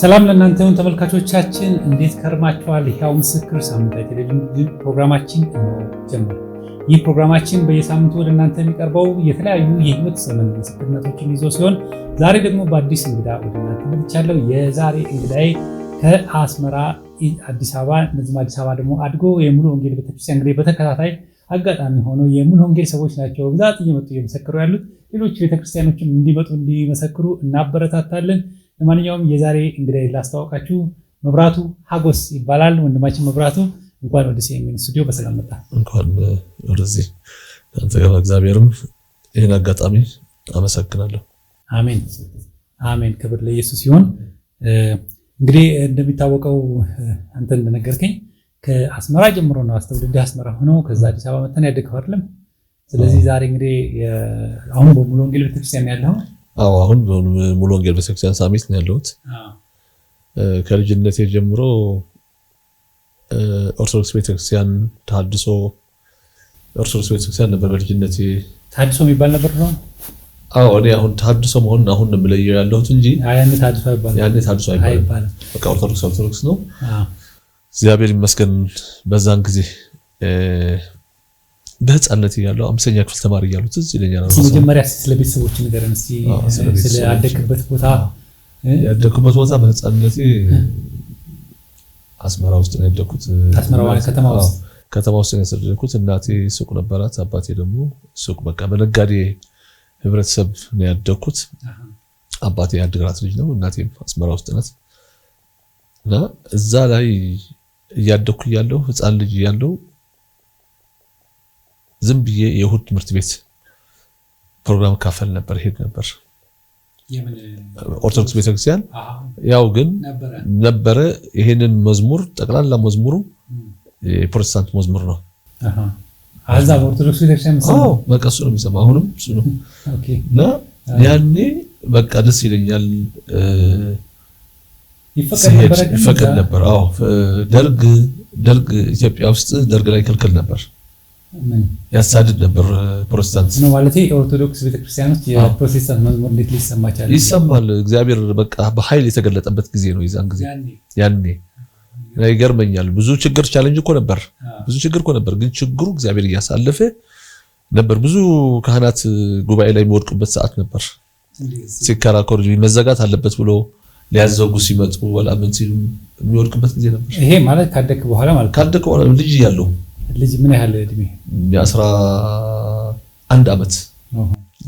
ሰላም ለእናንተ ይሁን ተመልካቾቻችን፣ እንዴት ከርማችኋል? ሕያው ምስክር ሳምንታዊ ቴሌቪዥን ፕሮግራማችን ጀምር። ይህ ፕሮግራማችን በየሳምንቱ ወደ እናንተ የሚቀርበው የተለያዩ የህይወት ዘመን ምስክርነቶችን ይዞ ሲሆን ዛሬ ደግሞ በአዲስ እንግዳ ወደ እናንተ መጥቻለሁ። የዛሬ እንግዳዬ ከአስመራ አዲስ አበባ እነዚህም አዲስ አበባ ደግሞ አድጎ የሙሉ ወንጌል ቤተክርስቲያን እንግዲህ በተከታታይ አጋጣሚ ሆኖ የሙሉ ወንጌል ሰዎች ናቸው ብዛት እየመጡ እየመሰክሩ ያሉት። ሌሎች ቤተክርስቲያኖችም እንዲመጡ እንዲመሰክሩ እናበረታታለን። ለማንኛውም የዛሬ እንግዲህ ላስተዋወቃችሁ መብራቱ ሀጎስ ይባላል። ወንድማችን መብራቱ እንኳን ወደ ሲኤምኤን ስቱዲዮ በሰላም መጣ። እንኳን ወደዚህ እግዚአብሔርም ይህን አጋጣሚ አመሰግናለሁ። አሜን አሜን። ክብር ለኢየሱስ ሲሆን እንግዲህ እንደሚታወቀው አንተ እንደነገርከኝ ከአስመራ ጀምሮ ነው አስተውልድህ አስመራ ሆኖ ከዛ አዲስ አበባ መተን ያደግኸው አይደለም? ስለዚህ ዛሬ እንግዲህ አሁን በሙሉ ወንጌል ቤተክርስቲያን ያለው አዎ አሁን ሙሉ ወንጌል ቤተክርስቲያን ሳሚት ነው ያለሁት። ከልጅነቴ ጀምሮ ኦርቶዶክስ ቤተክርስቲያን ታድሶ ኦርቶዶክስ ቤተክርስቲያን ነበር በልጅነቴ። ታድሶ የሚባል ነበር ነው? አዎ እኔ አሁን ታድሶ መሆን አሁን ነው የምለየው ያለሁት እንጂ ያኔ ታድሶ አይባልም። በቃ ኦርቶዶክስ ኦርቶዶክስ ነው። እግዚአብሔር ይመስገን በዛን ጊዜ በህፃነት ያለው አምስተኛ ክፍል ተማሪ እያሉት ትዝ ይለኛል። መጀመሪያ ስለ ቤተሰቦች ንገረን ስለአደግበት ቦታ። ያደግኩበት ቦታ በህፃነት አስመራ ውስጥ ነው ያደግኩት። ከተማ ውስጥ ነው ያደግኩት። እናቴ ሱቅ ነበራት፣ አባቴ ደግሞ ሱቅ በቃ በነጋዴ ህብረተሰብ ነው ያደግኩት። አባቴ የአድግራት ልጅ ነው፣ እናቴም አስመራ ውስጥ ናት። እና እዛ ላይ እያደግኩ እያለሁ ህፃን ልጅ እያለሁ ዝም ብዬ የእሁድ ትምህርት ቤት ፕሮግራም ካፈል ነበር፣ ሄድ ነበር ኦርቶዶክስ ቤተክርስቲያን። ያው ግን ነበረ ይሄንን መዝሙር ጠቅላላ መዝሙሩ የፕሮቴስታንት መዝሙር ነው። በቀሱ ነው የሚሰማ አሁንም እሱ ነው። እና ያኔ በቃ ደስ ይለኛል። ይፈቀድ ነበር። ደርግ ደርግ ኢትዮጵያ ውስጥ ደርግ ላይ ክልክል ነበር። ያሳድድ ነበር። ፕሮቴስታንት ነው ማለት ኦርቶዶክስ ቤተክርስቲያን ውስጥ የፕሮቴስታንት መዝሙር እንዴት ሊሰማቻል? ይሰማል። እግዚአብሔር በቃ በኃይል የተገለጠበት ጊዜ ነው። የዛን ጊዜ ያኔ ይገርመኛል። ብዙ ችግር ቻለንጅ እኮ ነበር፣ ብዙ ችግር እኮ ነበር። ግን ችግሩ እግዚአብሔር እያሳለፈ ነበር። ብዙ ካህናት ጉባኤ ላይ የሚወድቁበት ሰዓት ነበር። ሲከራከሩ መዘጋት አለበት ብሎ ሊያዘጉ ሲመጡ ወላ ምን ሲሉ የሚወድቅበት ጊዜ ነበር። ይሄ ማለት ካደክ በኋላ ማለት ካደክ በኋላ ልጅ እያለሁ ልጅ ምን ያህል እድሜ? የአስራ አንድ ዓመት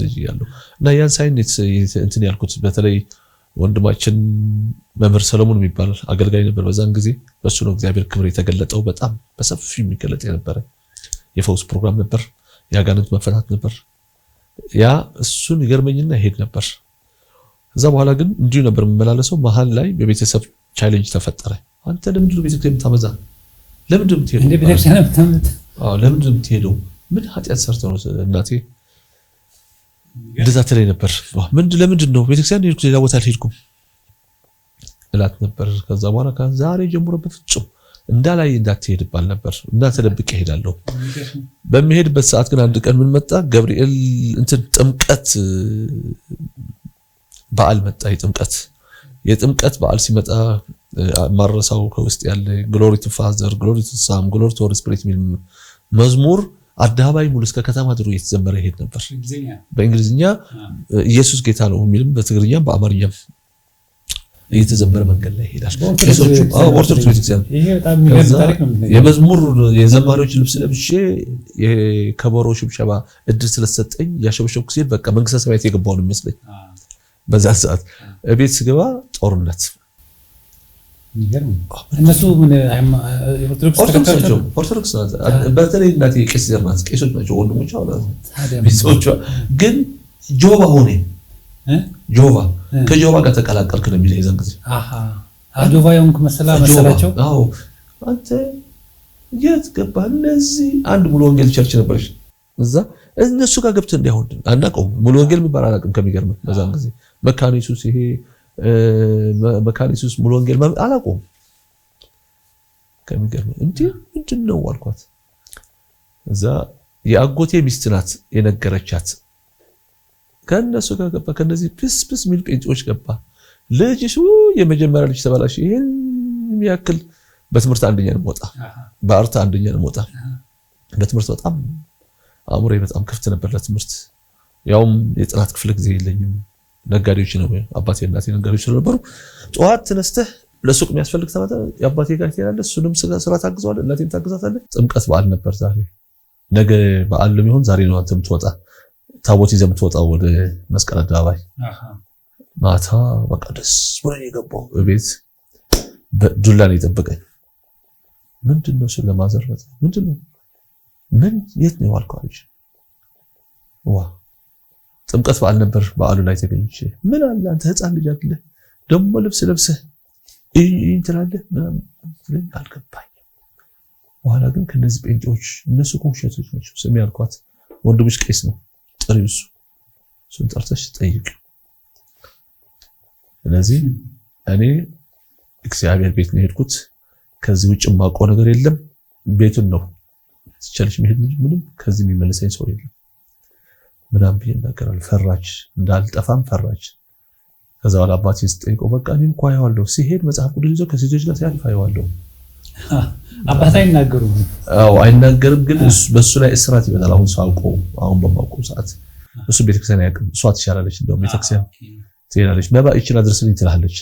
ልጅ ያለው እና ያን ሳይን እንትን ያልኩት በተለይ ወንድማችን መምህር ሰለሞን የሚባል አገልጋይ ነበር። በዛን ጊዜ በሱ ነው እግዚአብሔር ክብር የተገለጠው። በጣም በሰፊ የሚገለጥ የነበረ የፈውስ ፕሮግራም ነበር፣ የአጋንንት መፈታት ነበር። ያ እሱን ይገርመኝና ይሄድ ነበር። ከዛ በኋላ ግን እንዲሁ ነበር የምመላለሰው። መሀል ላይ በቤተሰብ ቻሌንጅ ተፈጠረ። አንተ ለምንድን ነው ቤተክርስቲያን የምታበዛ ለምንድን ነው የምትሄደው? ለምንድን ምን ኃጢአት ሰርተው ነው እናቴ እንደዛ ትለኝ ነበር። ለምንድን ነው ቤተክርስቲያን ሄድኩ፣ ሌላ ቦታ አልሄድኩም እላት ነበር። ከዛ በኋላ ከዛሬ ጀምሮ በፍጹም እንዳላይ እንዳትሄድባል ነበር እና ተደብቄ እሄዳለሁ። በሚሄድበት ሰዓት ግን አንድ ቀን ምን መጣ፣ ገብርኤል እንትን ጥምቀት በዓል መጣ። የጥምቀት የጥምቀት በዓል ሲመጣ ማረሳው ከውስጥ ያለ ግሎሪ ቱ ፋዘር፣ ግሎሪ ቱ ሳም፣ ግሎሪ ቱ ስፕሪት የሚል መዝሙር አደባባይ ሙሉ እስከ ከተማ ድሮ እየተዘመረ ይሄድ ነበር። በእንግሊዝኛ ኢየሱስ ጌታ ነው የሚልም በትግርኛ በአማርኛም እየተዘመረ መንገድ ላይ ይሄዳል። ኦርቶዶክስ ቤተክርስቲያን የመዝሙር የዘማሪዎች ልብስ ለብሼ የከበሮ ሽብሸባ እድል ስለሰጠኝ ያሸበሸብኩ ሲሄድ በቃ መንግስተ ሰማያት የገባው ነው የሚመስለኝ። በዛ ሰዓት እቤት ስገባ ጦርነት እነሱ ኦርቶዶክስ ናቸው። ኦርቶዶክስ ናት። በተለይ እናቴ ቄስ ዘርማት ቄሶች ናቸው። ወንድሞች ቤተሰቦቿ ግን ጆባ ሆኔ ጆባ ከጆባ ጋር ተቀላቀልክ ነው የሚለኝ የዛን ጊዜ ጆባ የሆንክ መሰላ መሰላቸው። አንተ የት ገባ? እነዚህ አንድ ሙሉ ወንጌል ቸርች ነበረች እዛ እነሱ ጋር ገብተህ እንዲያሁን አናውቀውም። ሙሉ ወንጌል የሚባል አላውቅም። ከሚገርምህ በዛን ጊዜ መካኒሱ ሲሄ መካሊስ ውስጥ ሙሉ ወንጌል አላቆም ከሚገርም እንዲ ምንድን ነው አልኳት። እዛ የአጎቴ ሚስት ናት የነገረቻት። ከእነሱ ጋር ገባ። ከነዚህ ፕስ ሚል ጴንጤዎች ገባ። ልጅሽ የመጀመሪያ ልጅ ተባላሽ። ይህን የሚያክል በትምህርት አንደኛ ነው የምወጣ፣ በአርታ አንደኛ ነው የምወጣ። በትምህርት በጣም አእምሮዬ በጣም ክፍት ነበር ለትምህርት። ያውም የጥናት ክፍለ ጊዜ የለኝም ነጋዴዎች ነው አባቴ እናቴ ነጋዴዎች ስለነበሩ ጠዋት ተነስተህ ለሱቅ የሚያስፈልግ ተባተ የአባቴ ጋር ትሄዳለህ። እሱንም ስራ ታግዘዋለህ፣ እናቴም ታግዛታለህ። ጥምቀት በዓል ነበር ዛሬ። ነገ በዓል ለሚሆን ዛሬ ነው አንተ የምትወጣ ታቦት ይዘህ የምትወጣው ወደ መስቀል አደባባይ። ማታ በቃ ደስ ብሎ የገባው እቤት ዱላ ነው የጠበቀኝ። ምንድን ነው ስለማዘር በጣም ምንድን ነው ምን የት ነው ዋልከው ዋ ጥምቀት በዓል ነበር። በዓሉ ላይ ተገኝቼ ምን አለ አንተ ህፃን ልጅ አለ ደግሞ ልብስ ለብሰህ ይህን ትላለህ ምናምን አልገባኝ። በኋላ ግን ከነዚህ ጴንጤዎች እነሱ እኮ ናቸው። ስሚ ያልኳት ቄስ ነው፣ ጥሪው እሱ እሱን ጠርተሽ ጠይቅ። ስለዚህ እኔ እግዚአብሔር ቤት ነው የሄድኩት። ከዚህ ውጭ የማውቀው ነገር የለም። ቤቱን ነው ትቻለሽ መሄድ ምንም ከዚህ የሚመለሰኝ ሰው የለም። ምናምን ብዬ እናገራለሁ። ፈራች፣ እንዳልጠፋም ፈራች። ከዛ በኋላ አባቴ ስጠይቀው በቃ እኔ እንኳ አየዋለሁ ሲሄድ መጽሐፍ ቅዱስ ይዞ ከሴቶች ጋር ሲያልፍ አየዋለሁ። አባት አይናገሩም። አይናገርም፣ ግን በእሱ ላይ እስራት ይመጣል። አሁን ሰው አውቆ አሁን በማውቀው ሰዓት እሱ ቤተክርስቲያን ያውቅም። እሷ ትሻላለች፣ እንደውም ቤተክርስቲያን ትሄዳለች። መባ ይችል አድርስልኝ ትላለች።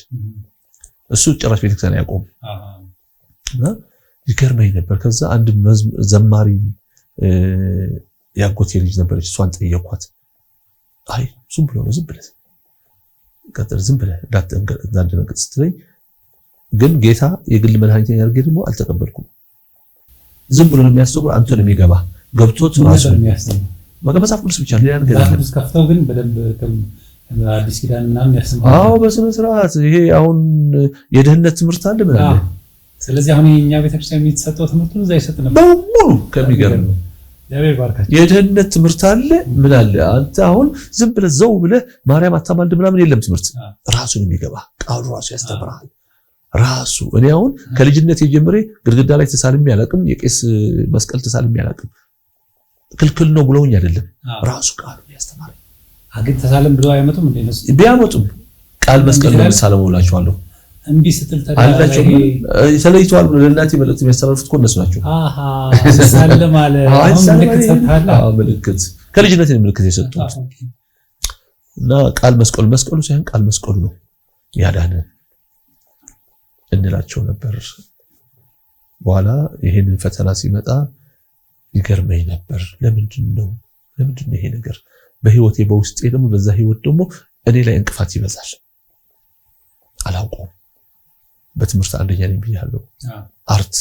እሱ ጭራሽ ቤተክርስቲያን አያውቀውም። ይገርመኝ ነበር። ከዛ አንድ ዘማሪ የአጎቴ ልጅ ነበረች። እሷን ጠየኳት። አይ ዝም ብሎ ነው ዝም ብለህ ቀጥል፣ ዝም ብለህ እንዳትደነግጥ ስትለኝ፣ ግን ጌታ የግል መድኃኒት ያርጌ ደግሞ አልተቀበልኩም። ዝም ብሎ ነው የሚያስተምረው። አንተ ነው የሚገባ ገብቶት ራሱ መጽሐፍ ቅዱስ ብቻ ሌላ ነገር አዲስ ኪዳን ምናምን ያስተምራል። አዎ በስነ ስርዓት ይሄ አሁን የደህንነት ትምህርት አለ ምናምን። ስለዚህ አሁን የኛ ቤተክርስቲያን የሚሰጠው ትምህርት እዛ ይሰጥ ነበር በሙሉ ከሚገርም ነው። የድህነት ትምህርት አለ። ምን አለ አንተ አሁን ዝም ብለህ ዘው ብለህ ማርያም አታማልድ ምናምን የለም። ትምህርት ራሱን የሚገባ ቃሉ ራሱ ያስተምራል። ራሱ እኔ አሁን ከልጅነት የጀምሬ ግድግዳ ላይ ተሳልሜ አላቅም። የቄስ መስቀል ተሳልሜ አላቅም። ክልክል ነው ብለውኝ አይደለም። ራሱ ቃሉ ተሳለም አይመጡም። ቢያመጡም ቃል መስቀል ነው ሳለመውላችኋለሁ እምቢ ስትል አልላቸውም። ተለይተዋል ብሎ ለእናቴ መልእክት የሚያስተላልፉት እኮ እነሱ ናቸው። ምልክት ከልጅነት ምልክት የሰጡት እና ቃል መስቀሉ መስቀሉ ሳይሆን ቃል መስቀሉ ነው ያዳነን እንላቸው ነበር። በኋላ ይሄንን ፈተና ሲመጣ ይገርመኝ ነበር። ለምንድን ነው ለምንድን ነው ይሄ ነገር በህይወቴ በውስጤ ደግሞ በዛ ህይወት ደግሞ እኔ ላይ እንቅፋት ይበዛል አላውቀውም በትምህርት አንደኛ ነኝ ብያለሁ። አርት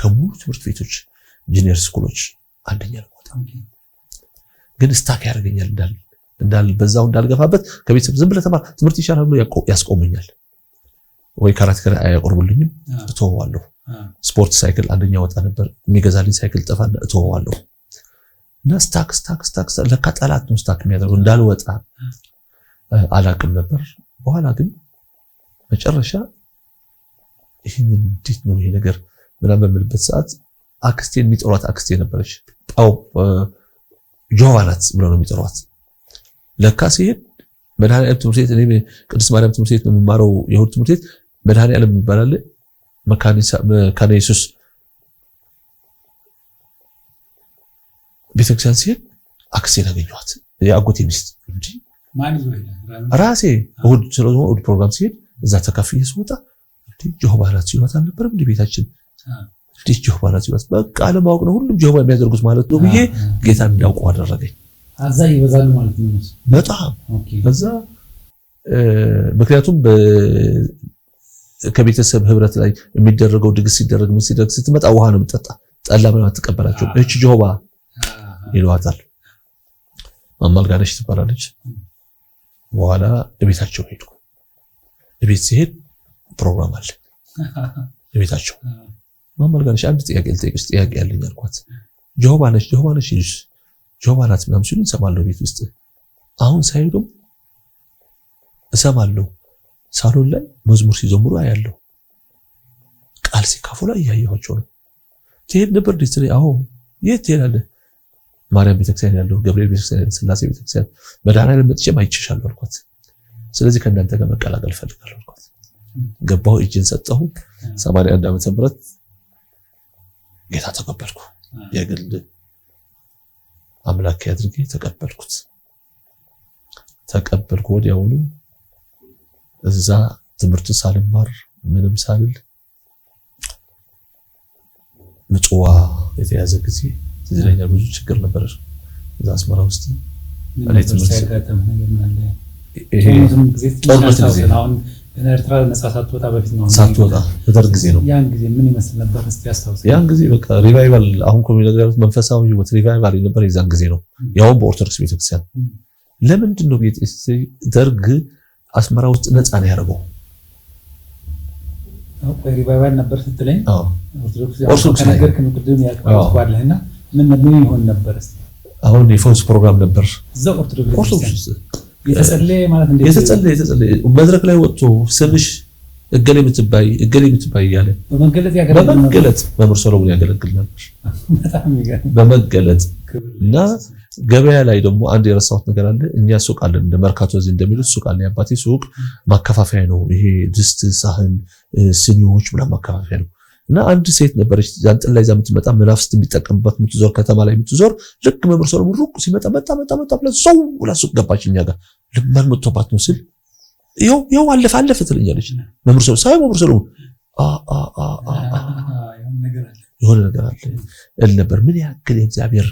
ከሙሉ ትምህርት ቤቶች ኢንጂነር ስኩሎች አንደኛ ልቆጣ ግን ስታክ ያደርገኛል እንዳል እንዳል በዛው እንዳልገፋበት ከቤተሰብ ዝም ብለህ ተማር ትምህርት ይሻላል ብሎ ያስቆመኛል። ወይ ከራት ከራ አያቆርብልኝም፣ እተወዋለሁ። ስፖርት ሳይክል አንደኛ ወጣ ነበር። የሚገዛልኝ ሳይክል ጠፋና እተወዋለሁ። እና ስታክ ስታክ ስታክ ለካ ጠላት ነው ስታክ የሚያደርገው እንዳልወጣ አላቅም ነበር። በኋላ ግን መጨረሻ ይህን እንዴት ነው ይሄ ነገር ምናምን በምልበት ሰዓት አክስቴ የሚጠሯት አክስቴ ነበረች። ጳው ጆቫናት ብለው ነው የሚጠሯት። ለካ ሲሄድ መድኃኒዓለም ትምህርት ቤት እኔ ቅድስት ማርያም ትምህርት ቤት ነው የምማረው የእሁድ ትምህርት ቤት መድኃኒዓለም ይባላል። መካነ ኢየሱስ ቤተክርስቲያን ሲሄድ አክስቴን አገኘኋት። የአጎቴ ሚስት ራሴ እሁድ ስለሆነ እሁድ ፕሮግራም ሲሄድ እዛ ተካፍዬ ስወጣ ጆሆባ ራት ሲሏት አልነበረም እንደ ቤታችን እንዴት ጆሆባ ራት ሲሏት፣ በቃ አለማወቅ ነው ሁሉም ጆሆባ የሚያደርጉት ማለት ነው ብዬ ጌታ እንዳውቀው አደረገኝ። በጣም ከዛ ምክንያቱም ከቤተሰብ ህብረት ላይ የሚደረገው ድግስ ሲደረግ ምን ሲደረግ ስትመጣ ውሃ ነው የምጠጣ ጠላ ምናምን አትቀበላቸው። እች ጆሆባ ይለዋታል። ማማልጋነሽ ትባላለች። በኋላ እቤታቸው ሄድኩ። እቤት ሲሄድ ፕሮግራም አለ ቤታቸው ማመልጋነሽ አንድ ጥያቄ ልጠይቅሽ ጥያቄ ያለኝ አልኳት። ጆባ ነች ጆባ ነች ይሉሽ ጆባ ናት ምናምን ሲሉ እንሰማለሁ ቤት ውስጥ አሁን ሳይሄዱም እሰማለሁ። ሳሎን ላይ መዝሙር ሲዘምሩ አያለሁ። ቃል ሲካፉ ላይ እያየኋቸው ነው። ትሄድ ነበር ዲስ ላይ አዎ፣ የት ትሄዳለህ? ማርያም ቤተክርስቲያን ያለው ገብርኤል ቤተክርስቲያን፣ ስላሴ ቤተክርስቲያን፣ መድኃኔዓለም መጥቼም አይቼሻለሁ አልኳት። ስለዚህ ከእናንተ ጋር መቀላቀል እፈልጋለሁ አልኳት። ገባሁ፣ እጅን ሰጠሁ። 81 ዓመተ ምህረት ጌታ ተቀበልኩ። የግል አምላክ አድርጌ ተቀበልኩት። ተቀበልኩ ወዲያውኑ እዛ ትምህርት ሳልማር ምንም ሳልል ምጽዋ የተያዘ ጊዜ ትዝለኛ ብዙ ችግር ነበር። እዛ አስመራ ውስጥ ጦርነት ጊዜ ኤርትራ ነጻ ሳትወጣ በፊት ነው። ሳትወጣ በደርግ ጊዜ ነው። ያን ጊዜ ምን ይመስል ነበር እስቲ አስታውስ። ያን ጊዜ በቃ ሪቫይቫል፣ አሁን ኮሚኒቲ መንፈሳዊ ህይወት ሪቫይቫል የነበር የዛን ጊዜ ነው። ያውም በኦርቶዶክስ ቤተክርስቲያን። ለምንድን ነው ደርግ አስመራ ውስጥ ነጻ ነው ያደረገው? ሪቫይቫል ነበር ስትለኝ ኦርቶዶክስ ከነገርከኝ ቅድም ያቀርባለህና ምን ምን ይሆን ነበር? አሁን የፈውስ ፕሮግራም ነበር እዛው ኦርቶዶክስ የተጸለየ የተጸለየ መድረክ ላይ ወጥቶ ስምሽ እገሌ የምትባይ እገሌ የምትባይ እያለ በመገለጥ መምህር ሰሎሞን ያገለግል ነበር። በመገለጥ እና ገበያ ላይ ደግሞ አንድ የረሳሁት ነገር አለ። እኛ ሱቅ አለን፣ እንደ መርካቶ እዚህ እንደሚሉት ሱቅ አለ። የአባቴ ሱቅ ማከፋፈያ ነው። ይሄ ድስት፣ ሳህን፣ ስኒዎች ምናምን ማከፋፈያ ነው። እና አንድ ሴት ነበረች ጃንጥላ ይዛ የምትመጣ መናፍስት የሚጠቀምበት የምትዞር ከተማ ላይ የምትዞር ልክ መምህር ሰሎሞን ሩቅ ሲመጣ መጣ መጣ መጣ ብለ ሰው ሱቅ ገባች። እኛ ጋር ልማን መጥቶባት ነው ስል ይኸው ይኸው አለፈ አለፈ ትለኛለች። መምህር ሰሎሞን ሳይ መምህር ሰሎሞን የሆነ ነገር አለ እል ነበር ምን ያክል የእግዚአብሔር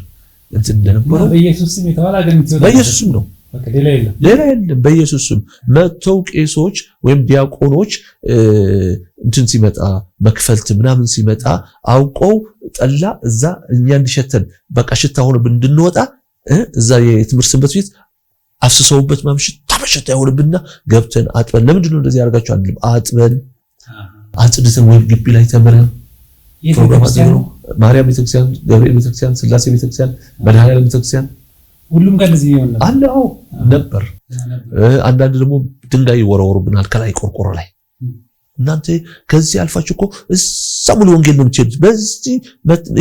እንትን እንደነበረው በኢየሱስም ነው ሌላ የለም። በኢየሱስ ስም መጥተው ቄሶች ወይም ዲያቆኖች እንትን ሲመጣ መክፈልት ምናምን ሲመጣ አውቀው ጠላ እዛ እኛ እንዲሸተን በቃ ሽታ ሆኖብን እንድንወጣ እዛ የትምህርት ሰንበት ቤት አፍስሰውበት ማምሽት ታበሽታ ይሆንብንና ገብተን አጥበን ለምንድን ነው እንደዚህ ያደርጋቸው አንልም። አጥበን አጽድተን ወይም ግቢ ላይ ተምረን ፕሮግራም ማርያም ቤተክርስቲያን፣ ገብርኤል ቤተክርስቲያን፣ ስላሴ ቤተክርስቲያን፣ መድኃኔዓለም ቤተክርስቲያን ሁሉም ጋር እንደዚህ ነበር። አንዳንድ ደግሞ ድንጋይ ይወረወሩብናል ከላይ ቆርቆሮ ላይ። እናንተ ከዚህ አልፋችሁ እኮ እዛ ሙሉ ወንጌል ነው የምትሄዱት፣ በዚህ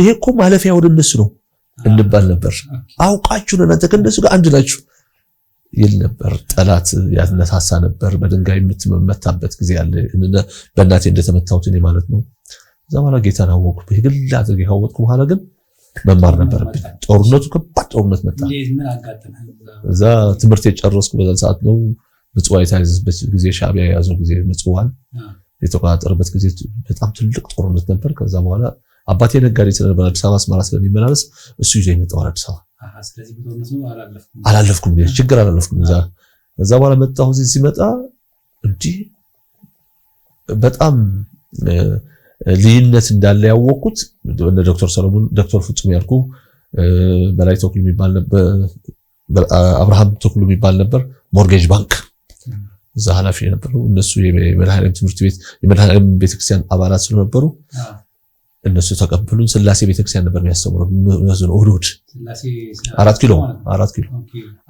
ይሄ እኮ ማለፊያ ወደ እነሱ ነው እንባል ነበር። አውቃችሁ ነው እናንተ ከእነሱ ጋር አንድ ናችሁ ይል ነበር። ጠላት ያነሳሳ ነበር። በድንጋይ የምትመታበት ጊዜ አለ። በእናቴ እንደተመታሁት እኔ ማለት ነው። እዛ በኋላ ጌታን አወቅኩ። በግል አድርጌ ካወቅኩ በኋላ ግን መማር ነበረብኝ። ጦርነቱ ከባድ ጦርነት መጣ። እዛ ትምህርት የጨረስኩ በዛ ሰዓት ነው። ምጽዋ የተያዘበት ጊዜ ሻቢያ የያዘው ጊዜ ምጽዋን የተቆጣጠረበት ጊዜ በጣም ትልቅ ጦርነት ነበር። ከዛ በኋላ አባቴ ነጋዴ ስለነበር አዲስ አበባ አስመራ ስለሚመላለስ እሱ ይዞ ይመጣዋል አዲስ አበባ። አላለፍኩም፣ ችግር አላለፍኩም። እዛ እዛ በኋላ መጣሁ። ሲመጣ እንዲህ በጣም ልዩነት እንዳለ ያወቅኩት ዶክተር ሰለሞን ዶክተር ፍጹም ያልኩ በላይ ተኩል የሚባል ነበር፣ አብርሃም ተኩል የሚባል ነበር። ሞርጌጅ ባንክ እዛ ኃላፊ የነበሩ እነሱ የመድኃኔዓለም ትምህርት ቤት የመድኃኔዓለም ቤተክርስቲያን አባላት ስለነበሩ እነሱ ተቀበሉን። ስላሴ ቤተክርስቲያን ነበር የሚያስተምረው እሑድ እሑድ አራት ኪሎ አራት ኪሎ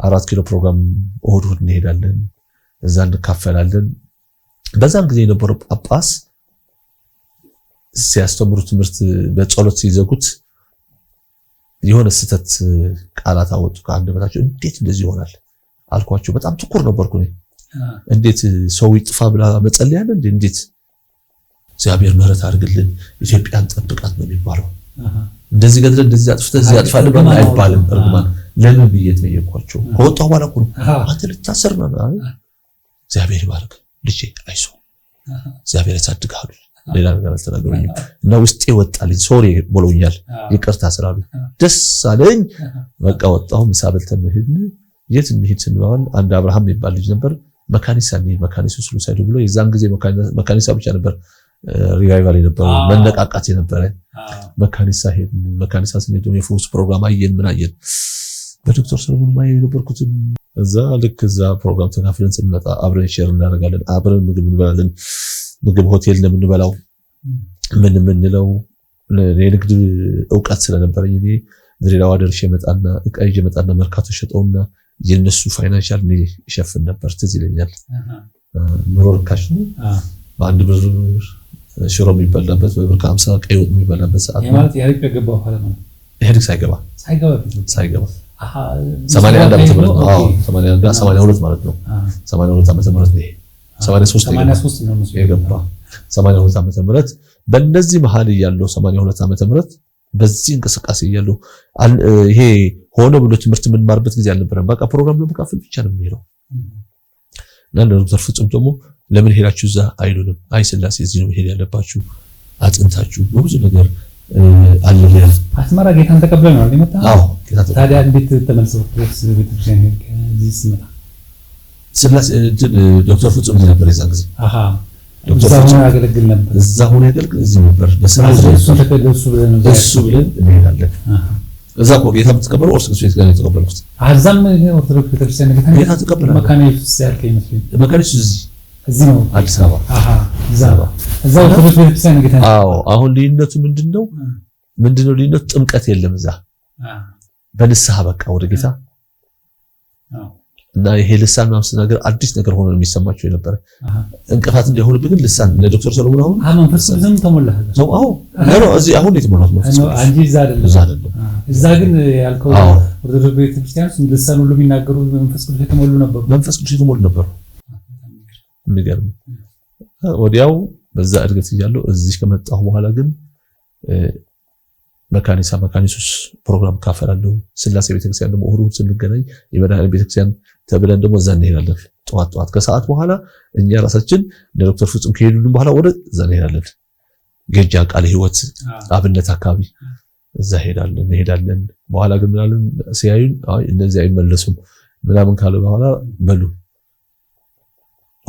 አራት ኪሎ ፕሮግራም እሑድ እሑድ እንሄዳለን፣ እዛ እንካፈላለን። በዛን ጊዜ የነበረው ጳጳስ ሲያስተምሩ ትምህርት በጸሎት ሲዘጉት የሆነ ስህተት ቃላት አወጡ ከአንደበታቸው። እንዴት እንደዚህ ይሆናል አልኳቸው። በጣም ትኩር ነበርኩ እኔ። እንዴት ሰው ይጥፋ ብላ መጸለያለ እንዴ! እንዴት እግዚአብሔር ምህረት አድርግልን ኢትዮጵያን ጠብቃት ነው የሚባለው። እንደዚህ ገድለ እንደዚህ አጥፍተ እዚህ አጥፋለ አይባልም። እርግማን ለምን ብዬ ጠየኳቸው። ከወጣሁ በኋላ እኮ አንተ ልታሰር ነው። እግዚአብሔር ይባርክ ልጄ፣ አይዞህ እግዚአብሔር ያሳድግሃል ሌላ ነገር አልተናገሩኝም እና ውስጤ ወጣልኝ። ሶሪ ብሎኛል፣ ይቅርታ ስላሉ ደስ አለኝ። በቃ ወጣሁ። ምሳ በልተን ሄድን። የት እንሂድ ስንባል አንድ አብርሃም የሚባል ልጅ ነበር መካኒሳ እንሂድ ስሉ ሳይዱ ብሎ የዛን ጊዜ መካኒሳ ብቻ ነበር ሪቫይቫል የነበረ መነቃቃት የነበረ መካኒሳ ሄድን። መካኒሳ ስንሄድ የፎርስ ፕሮግራም አየን። ምን አየን? በዶክተር ሰለሞን ማየ የነበርኩትን እዛ ልክ እዛ ፕሮግራም ተካፍለን ስንመጣ አብረን ሼር እናደርጋለን፣ አብረን ምግብ እንበላለን። ምግብ ሆቴል ነው የምንበላው ምን የምንለው የንግድ እውቀት ስለነበረኝ እኔ ድሬዳዋ ደርሼ መጣና እቃ ይዤ መጣና መርካቶ ሸጠውና የነሱ ፋይናንሻል ይሸፍን ነበር። ትዝ ይለኛል። ኑሮ ርካሽ ነው። በአንድ ብር ሽሮ የሚበላበት ወይ ብር ከሀምሳ ቀይ ወጥ የሚበላበት ሰዓት ኢህአዴግ ሳይገባ ሳይገባ ሰማንያ አንድ ዓመተ ምህረት ነው። ሰማንያ ሁለት ማለት ነው። ሰማንያ ሁለት ዓመተ ምህረት ነው ይሄ 83 ዓመተ ምህረት በእነዚህ መሀል እያለሁ 82 ዓመተ ምህረት በዚህ እንቅስቃሴ እያለሁ ይሄ ሆነ ብሎ ትምህርት የምንማርበት ጊዜ አልነበረም። በቃ ፕሮግራም ለመካፈል ብቻ ነው የሚሄደው እና ዶክተር ፍጹም ደግሞ ለምን ሄዳችሁ እዛ አይሉንም። አይ ስላሴ እዚህ ነው መሄድ ያለባችሁ አጥንታችሁ በብዙ ነገር አለያ አስመራ ጌታን ተቀብለናል። ታዲያ እንዴት ተመልሰው ቤተክርስቲያን ሄድ እዚህ ስመጣ ስላሴ ዶክተር ፍጹም ነበር። የዛን ጊዜ ዶክተር ፍጹም ያገለግል ነበር፣ እዛ ያገለግል እዚህ ነበር። እሱ ብለን እንሄዳለን። እዛ እኮ ጌታ የምትቀበለው ኦርስ ቤት ጋር የተቀበልኩት አዛም ኦርቶዶክስ ቤተክርስቲያን ጌታ ተቀበለ። መካነ ያልከ ይመስለኝ መካነ እዚህ እዚህ ነው አዲስ አበባ። እዛ ኦርቶዶክስ ቤተክርስቲያን ጌታ። አዎ አሁን ልዩነቱ ምንድነው? ልዩነቱ? ጥምቀት የለም እዛ በንስሐ በቃ ወደ ጌታ እና ይሄ ልሳን ምናምን ስናገር አዲስ ነገር ሆኖ ነው የሚሰማቸው የነበረ። እንቅፋት እንዳይሆንብህ ግን ልሳን ለዶክተር ዶክተር ሰለሞን አሁን መንፈስ ቅዱስም ተሞላህ። አዎ እዚህ አሁን የተሞላሁት መንፈስ ቅዱስ እንጂ እዛ አይደለም፣ እዛ አይደለም። እዛ ግን ያልከው ኦርቶዶክስ ቤተክርስቲያን ውስጥ ልሳን ሁሉ የሚናገሩ መንፈስ ቅዱስ የተሞሉ ነበሩ፣ መንፈስ ቅዱስ የተሞሉ ነበሩ። የሚገርም ወዲያው በዛ እድገት እያለሁ እዚህ ከመጣሁ በኋላ ግን መካኒሳ መካኒሱስ ፕሮግራም ካፈላለሁ ስላሴ ቤተክርስቲያን ደግሞ እሁድ ስንገናኝ የመድኃኔዓለም ቤተክርስቲያን ተብለን ደግሞ እዛ እንሄዳለን። ጠዋት ጠዋት ከሰዓት በኋላ እኛ ራሳችን እንደ ዶክተር ፍጹም ከሄዱልን በኋላ ወደ እዛ እንሄዳለን። ገጃ ቃለ ህይወት አብነት አካባቢ እዛ ሄዳለን እንሄዳለን። በኋላ ግን ምናምን ሲያዩን አይ እንደዚህ አይመለሱም ምናምን ካለ በኋላ በሉ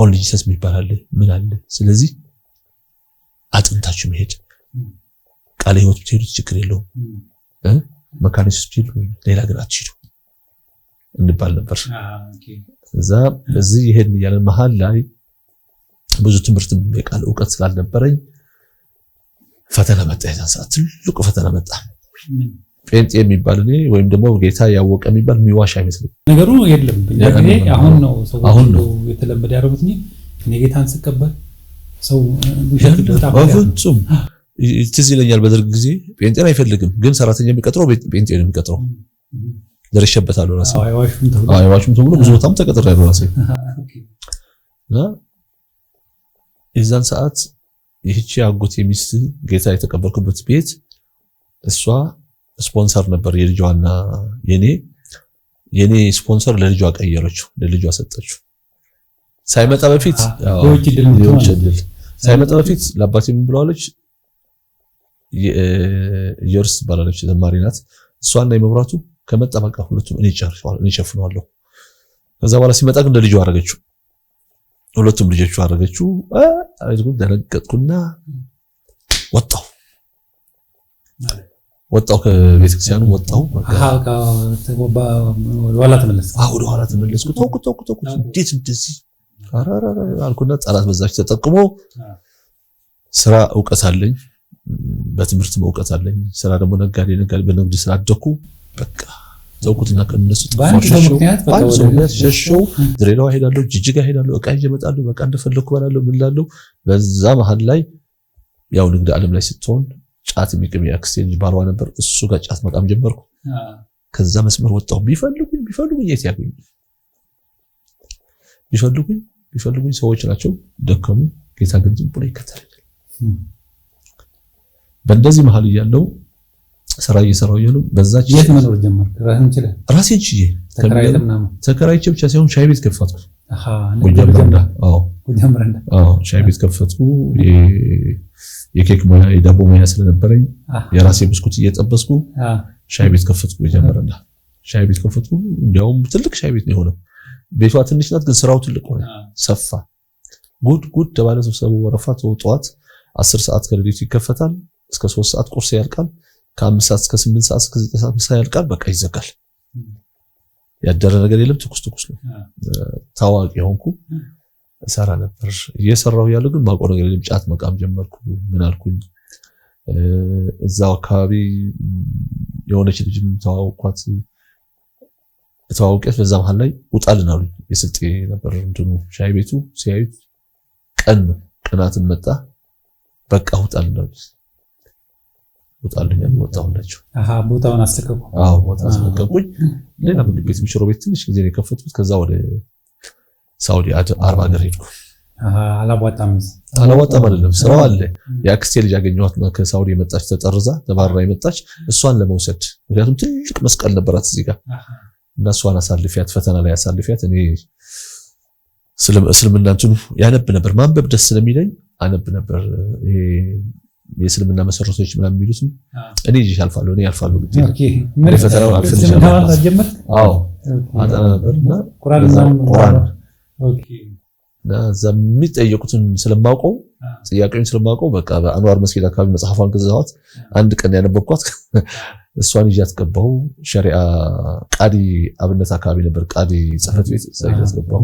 ኦንሊ ጂሰስ የሚባል አለ ምን አለ። ስለዚህ አጥንታችሁ መሄድ ቃለ ህይወት ብትሄዱ ችግር የለውም መካኒስ ብትሄዱ ሌላ ግን አትሄዱ እንባል ነበር። እዛ እዚህ ይሄን እያለን መሀል ላይ ብዙ ትምህርት የቃል እውቀት ስላልነበረኝ ፈተና መጣ። የዛን ሰዓት ትልቁ ፈተና መጣ። ጴንጤ የሚባል እኔ ወይም ደግሞ ጌታ ያወቀ የሚባል የሚዋሽ አይመስልም ነገሩ የለም። አሁን ነው ሰዎች የተለመደ ያደረጉት። እኔ ጌታን ስቀበል ሰው በፍጹም ትዝ ይለኛል በደርግ ጊዜ ጴንጤን አይፈልግም፣ ግን ሰራተኛ የሚቀጥረው ጴንጤ ነው የሚቀጥረው። ደርሼበታለሁ ራሴዋሽም ተብሎ ብዙ ቦታም ተቀጥሬያለሁ ራሴ የዛን ሰዓት ይህቺ አጎቴ ሚስት ጌታ የተቀበልኩበት ቤት እሷ ስፖንሰር ነበር የልጇና የኔ የኔ ስፖንሰር ለልጇ ቀየረችው፣ ለልጇ ሰጠችው። ሳይመጣ በፊት ሳይመጣ በፊት ለአባቴ ምን ብለዋለች? የርስ ባላለች ዘማሪ ናት። እሷና የመብራቱ ከመጣ በቃ ሁለቱም እኔ ሸፍነዋለሁ። ከዛ በኋላ ሲመጣ ግን ለልጁ አረገችው፣ ሁለቱም ልጆቹ አረገችው። ደነገጥኩና ወጣሁ ወጣው ከቤተክርስቲያኑ ወጣው። ወደኋላ ተመለስኩ። ወደኋላ ተመለስኩ። ተውኩት እንዴት እንደዚህ አልኩና ጠላት በዛች ተጠቅሞ ስራ እውቀት አለኝ በትምህርት በእውቀት አለኝ። ስራ ደግሞ ነጋዴ ነጋዴ በንግድ ስራ አደኩ። በቃ ዘውቁትና ከነሱ ሸሸው። ድሬዳዋ ሄዳለሁ፣ ጅጅጋ ሄዳለሁ፣ እቃ ይዤ እመጣለሁ። በቃ እንደፈለግኩ እበላለሁ፣ ምን እላለሁ። በዛ መሀል ላይ ያው ንግድ ዓለም ላይ ስትሆን ጫት የሚቅም የአክስቴ ልጅ ባሏ ነበር። እሱ ጋር ጫት መቃም ጀመርኩ። ከዛ መስመር ወጣሁ። ቢፈልጉኝ ቢፈልጉኝ የት ያገኙ ቢፈልጉኝ ቢፈልጉኝ ሰዎች ናቸው። ደከሙ ጌታ ግን ዝም ብሎ ይከተለኛል። በእንደዚህ መሀል እያለው ስራ እየሰራው እያሉ በዛች የት መኖር ጀመር? ራሴን ችዬ ተከራይቼ ብቻ ሳይሆን ሻይ ቤት ከፈትኩ። ሻይ ቤት ከፈትኩ። የኬክ ሙያ የዳቦ ሙያ ስለነበረኝ የራሴ ብስኩት እየጠበስኩ ሻይ ቤት ከፈትኩ። በጀመረና ሻይ ቤት ከፈትኩ። እንዲያውም ትልቅ ሻይ ቤት ነው የሆነው። ቤቷ ትንሽ ናት፣ ግን ስራው ትልቅ ሆነ፣ ሰፋ። ጉድ ጉድ ተባለ። ስብሰባው ወረፋ ጠዋት አስር ሰዓት ከሌሊቱ ይከፈታል። እስከ ሶስት ሰዓት ቁርስ ያልቃል። ከአምስት ሰዓት እስከ ስምንት ሰዓት እስከ ዘጠኝ ሰዓት ምሳ ያልቃል። በቃ ይዘጋል። ያደረ ነገር የለም። ትኩስ ትኩስ ነው። ታዋቂ ሆንኩ። ሰራ ነበር። እየሰራው ያለው ግን ማቆ ነገር የለም። ጫት መቃም ጀመርኩ። ምን አልኩኝ። እዛው አካባቢ የሆነች ልጅ ተዋወቅኳት። ተዋውቂያት በዛ መሀል ላይ ውጣልን አሉኝ። የስልጤ ነበር እንትኑ ሻይ ቤቱ ሲያዩት ቀን ቅናትን መጣ። በቃ ውጣልን አሉኝ። ወጣልኛል ወጣሁላቸው። ቦታውን አስለቀቁ። አዎ ቦታ አስለቀቁኝ። ሌላ ምግብ ቤት ሽሮ ቤት ትንሽ ጊዜ የከፈትኩት። ከዛ ወደ ሳውዲ አረብ ሀገር ሄድኩ። አላዋጣም አይደለም ስራው አለ። የአክስቴ ልጅ ያገኘኋት ከሳውዲ የመጣች ተጠርዛ ተባራ የመጣች እሷን ለመውሰድ ምክንያቱም ትልቅ መስቀል ነበራት እዚህ ጋር እና እሷን አሳልፊያት ፈተና ላይ አሳልፊያት እኔ ስለ ያነብ ነበር ማንበብ ደስ ስለሚለኝ አነብ ነበር የእስልምና መሰረቶች ምናምን የሚሉትም እኔ ይዤ አልፋለሁ እኔ አልፋለሁ ፈተናው አጠና ነበር እና ቁርአን እዛ የሚጠየቁትን ስለማውቀው ጥያቄውን ስለማውቀው በቃ በአንዋር መስጊድ አካባቢ መጽሐፏን ገዛኋት። አንድ ቀን ያነበብኳት እሷን ይዤ አትገባሁ። ሸሪዓ ቃዲ አብነት አካባቢ ነበር ቃዲ ጽሕፈት ቤት ይዤ አትገባሁ።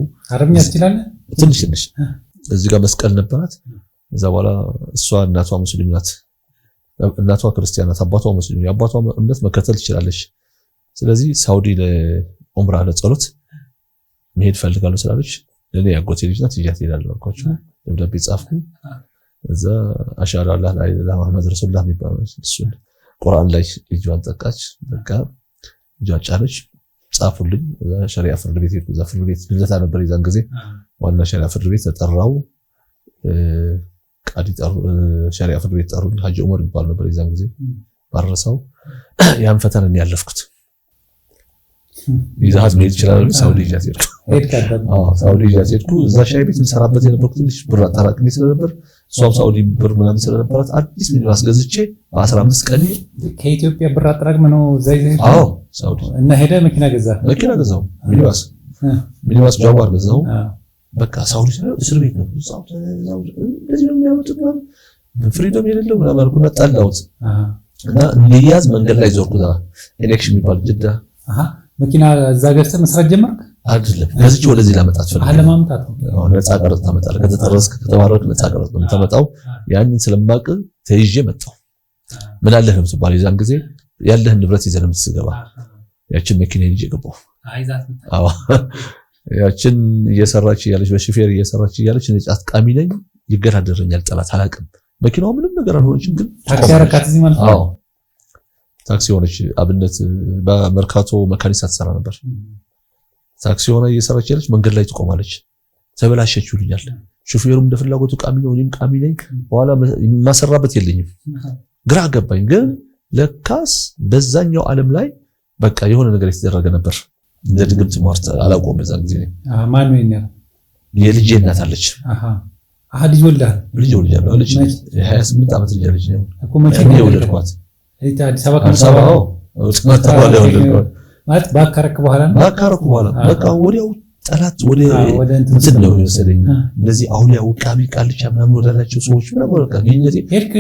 ትንሽ ትንሽ እዚህ ጋር መስቀል ነበራት እዛ በኋላ እሷ እናቷ ሙስሊም ናት፣ እናቷ ክርስቲያን ናት፣ አባቷ ሙስሊም፣ የአባቷ እምነት መከተል ትችላለች። ስለዚህ ሳውዲ ለኡምራ ለጸሎት መሄድ ፈልጋለሁ ስላለች እኔ ያጎቴ ልጅ ናት ይዣት እሄዳለሁ አልኳቸው። ደብዳቤ ጻፍኩ። እዛ አሻራ አላህ ላይ ለላ መሐመድ ረሱላህ የሚባል እሱ ቁርአን ላይ እጇን ጠቃች። በቃ እጇን ጫነች። ጻፉልኝ። እዛ ሸሪዓ ፍርድ ቤት ሄድኩ። እዛ ፍርድ ቤት ልደታ ነበር የዛን ጊዜ ዋና ሸሪያ ፍርድ ቤት ተጠራው። ቃዲ ሸሪያ ፍርድ ቤት ጠሩኝ። ሀጂ ዑመር ይባል ነበር የዛን ጊዜ ባረሰው ያን ፈተና ያለፍኩት ይዛት መሄድ ይችላል። ሳውዲ ጃት ሄድኩ። ሳውዲ ጃት ሄድኩ። እዛ ሻይ ቤት የምሰራበት የነበርኩት ትንሽ ብር አጠራቅ ስለነበር እሷም ሳውዲ ብር ምናምን ስለነበራት አዲስ ሚሊዮን አስገዝቼ በ15 ቀን ከኢትዮጵያ ብር አጠራቅም ነው ዘይዘ እና ሄደ መኪና ገዛ መኪና ገዛው ሚሊዮን ሚሊዮን ጃጓር ገዛው በቃ ሳውዲ እስር ቤት ነው። እንደዚህ ነው የሚያመጡት ፍሪዶም የሌለው ምናምን አልኩና ጠላሁት እና እንድያዝ መንገድ ላይ ዞርኩት። ኤሌክሽን የሚባል ጅዳ መኪና እዛ ገዝተህ መስራት ጀመርክ? አይደለም ከዚች ወደዚህ ላመጣት ፈልጌ ለማምጣት ነው። ነፃ ቀረጥ ታመጣለህ። ከተጠረስክ ከተባረክ ነፃ ቀረጥ ነው የምታመጣው። ያንን ስለማቅ ተይዤ መጣሁ። ምን አለህ ነው የምትባለው። የዛን ጊዜ ያለህን ንብረት ይዘህ ነው የምትገባ። ያችን መኪና ይዤ ገባሁ። ያችን እየሰራች እያለች በሹፌር እየሰራች እያለች እኔ ጫት ቃሚ ነኝ፣ ይገዳደረኛል ጠላት አላውቅም። መኪናው ምንም ነገር አልሆነችም፣ ግን ታክሲ ሆነች። አብነት በመርካቶ መካኒሳ ትሰራ ነበር። ታክሲ ሆነ እየሰራች እያለች መንገድ ላይ ትቆማለች። ተበላሸችልኛል። ሹፌሩም ፍላጎቱ ቃሚ ነው፣ እኔም ቃሚ ነኝ። በኋላ ማሰራበት የለኝም። ግራ ገባኝ። ግን ለካስ በዛኛው ዓለም ላይ በቃ የሆነ ነገር የተደረገ ነበር። ለድግምት ሟርት አላውቀውም። በዛ ጊዜ ማን ነው የኛ የልጄ እናት አለች። ልጅ ልጅ ዓመት ልጅ ልጅ ነው የወለድኳት? ማለት ባካረክ በኋላ በኋላ በቃ ወዲያው ጠላት ወደ እንትን ነው የወሰደኝ። እነዚህ አሁን ያው ቃቢ ቃልቻ ምናምን ወዳላቸው ሰዎች ምናምን በቃ ሄድክ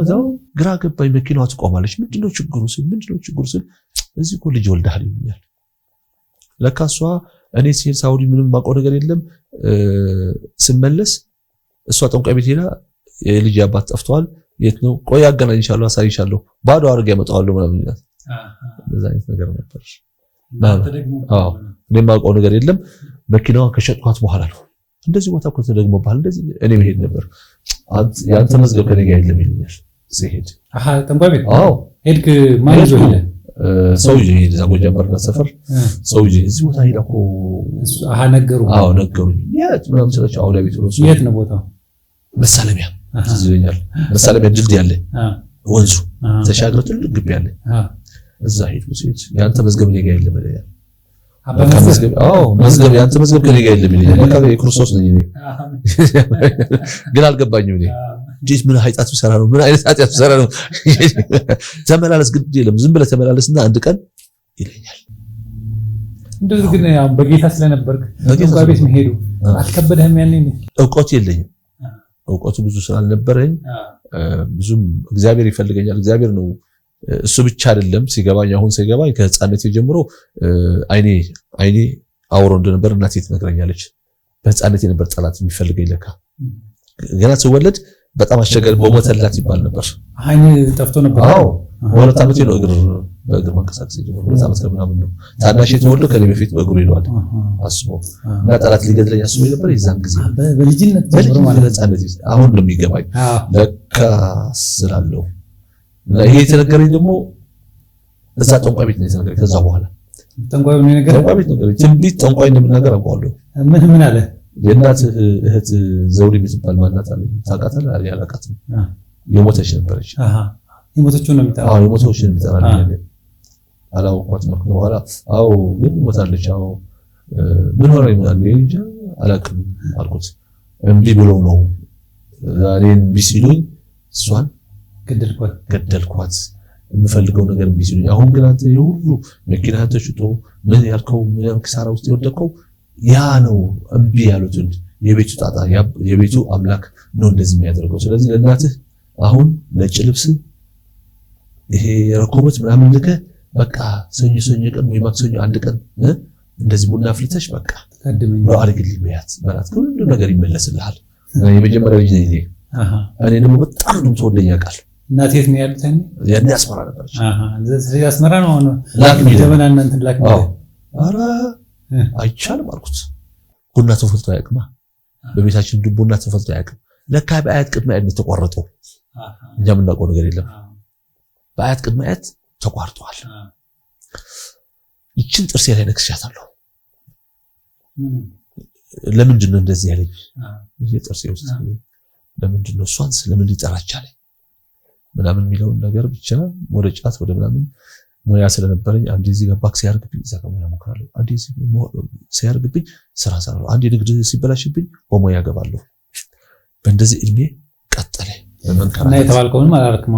እዛው ግራ ገባኝ። መኪናዋ ትቆማለች። ምንድነው ችግሩ ስል ምንድነው ችግሩ ስል እዚህ እኮ ልጅ ወልዳሃል ይሉኛል። ለካ እሷ እኔ ሲሄድ ሳውዲ ምንም ማውቀው ነገር የለም። ስመለስ እሷ ጠንቋይ ቤት ሄዳ የልጅ አባት ጠፍተዋል፣ የት ነው? ቆይ አገናኝሻለሁ፣ አሳይሻለሁ፣ ባዶ አድርጌ ያመጣዋለሁ ምናምን ይላል። እንደዛ አይነት ነገር ነበር። እኔ የማውቀው ነገር የለም። መኪናዋ ከሸጥኳት በኋላ ነው እንደዚህ ቦታ እኮ ተደግሞብሃል፣ እንደዚህ እኔ መሄድ ነበር ያንተ መዝገብ ከኔ ጋር የለም ይለኛል። ሲሄድ ሰው እዛ ጎጃም በርነት ሰፈር ሰው እዚህ ቦታ ሄዳ እኮ ነገሩ ነገሩኝ ምናምን ስላቸው አውዳ ቤት ነው። የት ነው ቦታው? መሳለሚያ ይለኛል። መሳለሚያ ድልድ ያለ ወንዙ ተሻግረ ትልቅ ግቢ ያለ እዛ ሄድኩ። ሲሄድ ያንተ መዝገብ እኔ ጋር የለም ይለኛል። መዝገብ ያንተ መዝገብ ከኔ ጋር የለም። የክርስቶስ ነኝ እኔ ግን አልገባኝም። እኔ እንዴት ምን ኃጢአት ብሰራ ነው? ምን አይነት ኃጢአት ብሰራ ነው? ተመላለስ፣ ግድ የለም ዝም ብለህ ተመላለስና አንድ ቀን ይለኛል። እንደዚህ ግን ያው በጌታ ስለነበርክ በጌታ ቤት መሄዱ አልከበደህም? ያኔ እውቀት የለኝም። እውቀቱ ብዙ ስላልነበረኝ ብዙም እግዚአብሔር ይፈልገኛል። እግዚአብሔር ነው እሱ ብቻ አይደለም ሲገባኝ፣ አሁን ሲገባኝ ከህፃነት ጀምሮ አይኔ አይኔ አውሮ እንደነበር እናቴ ትነግረኛለች። በህፃነት የነበር ጠላት የሚፈልገኝ ለካ ገና ስወለድ በጣም አስቸጋሪ በሞተላት ይባል ነበር። አይኔ ጠፍቶ ነበር። አዎ ሁለት ዓመቴ ነው እግር በእግር መንቀሳቀስ ጀምሮ ሁለት ዓመት ከምናምን ነው። ታናሽ የተወለደ ከኔ በፊት በእግሩ ይሏል አስቦ እና ጠላት ሊገድለኝ አስቦ ነበር። የዛን ጊዜ በልጅነት በልጅነት አሁን ነው የሚገባኝ ለካ ስላለው ይሄ የተነገረኝ ደግሞ እዛ ጠንቋይ ቤት ነው የተነገረኝ። ከዛ በኋላ ጠንቋይ ነው የነገረኝ። ጠንቋይ ቤት ነው የነገረኝ። ትንቢት ጠንቋይ እንደምናገር አውቀዋለሁ። ምን ምን አለ? የእናት እህት ዘውዴ የምትባል ማናት አለ። ታውቃታለህ? አይ አላውቃትም። የሞተች ነበረች። አሃ የሞተችውን ነው የሚጠራ። አዎ የሞተችውን ነው የሚጠራ። አላወኳትም አልኩት። በኋላ አዎ ግን ሞታለች። አዎ ምን ሆነ ይሆናል እንጃ አላውቅም አልኩት። እምቢ ብሎ ነው እኔን እምቢ ሲሉኝ እሷን ገደልኳት የምፈልገው ነገር ቢ አሁን ግን አንተ የሁሉ መኪና ተሽጦ ምን ያልከው ምን ክሳራ ውስጥ የወደቀው ያ ነው እምቢ ያሉትን የቤቱ ጣጣ የቤቱ አምላክ ነው እንደዚህ የሚያደርገው። ስለዚህ ለእናትህ አሁን ነጭ ልብስ ይሄ የረኮበት ምናምን ልከህ በቃ ሰኞ ሰኞ ቀን ወይ ማክሰኞ አንድ ቀን እንደዚህ ቡና አፍልተሽ በቃ ነው አድርግልኝ በያት በላት። ሁሉ ነገር ይመለስልሃል። የመጀመሪያ ልጅ ነ እኔ ደግሞ በጣም ነው ተወደኛ ቃል እናቴት ነው ያሉት ያኔ አስመራ ነበረች። አስመራ ነው አሁን ደመና እናንትን ላክ ኧረ አይቻልም አልኩት። ቡና ተፈልቶ አያውቅማ በቤታችን ቡና ተፈልቶ አያውቅም። ለካ በአያት ቅድመ አያት የተቋረጠው እኛ የምናውቀው ነገር የለም። በአያት ቅድመ አያት ተቋርጠዋል። ይችን ጥርሴ ላይ ነክስሻታለሁ። ለምንድን ነው እንደዚህ ያለኝ? ጥርሴ ውስጥ ለምንድን ነው እሷን ስለምን ሊጠራች አለኝ ምናምን የሚለውን ነገር ብቻ ወደ ጫት ወደ ምናምን ሙያ ስለነበረኝ አንዴ እዚህ ገባክ ሲያርግብኝ እዛ ጋር ሙያ ሞክራለሁ። አንዴ እዚህ ሲያርግብኝ ስራ ሰራለሁ። አንዴ ንግድ ሲበላሽብኝ በሙያ ገባለሁ። በእንደዚህ እድሜ ቀጠለ። እና የተባልከውንም አላልክም።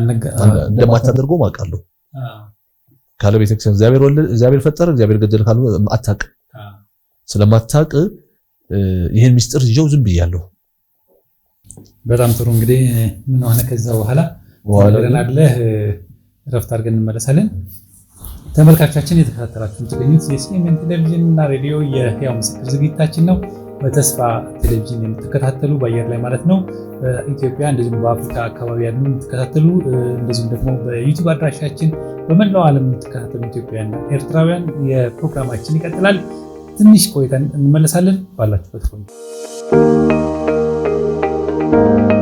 እንደማታደርገው አውቃለሁ። ካለ ቤተክርስቲያን እግዚአብሔር ፈጠረ፣ እግዚአብሔር ገደለ ካሉ አታውቅ ስለማታውቅ ይህን ሚስጥር ይዤው ዝም ብያለሁ። በጣም ጥሩ እንግዲህ ምን ሆነ ከዛ በኋላ ለናለህ ረፍት አድርገን እንመለሳለን። ተመልካቾቻችን የተከታተላችሁ የምትገኙት የሲኤምኤን ቴሌቪዥን እና ሬዲዮ የህያው ምስክር ዝግጅታችን ነው። በተስፋ ቴሌቪዥን የምትከታተሉ በአየር ላይ ማለት ነው፣ በኢትዮጵያ እንደዚሁም በአፍሪካ አካባቢ ያሉ የምትከታተሉ እንደዚሁም ደግሞ በዩቱብ አድራሻችን በመላው ዓለም የምትከታተሉ ኢትዮጵያውያን ኤርትራውያን የፕሮግራማችን ይቀጥላል። ትንሽ ቆይተን እንመለሳለን። ባላችሁበት ቆዩ። Thank you.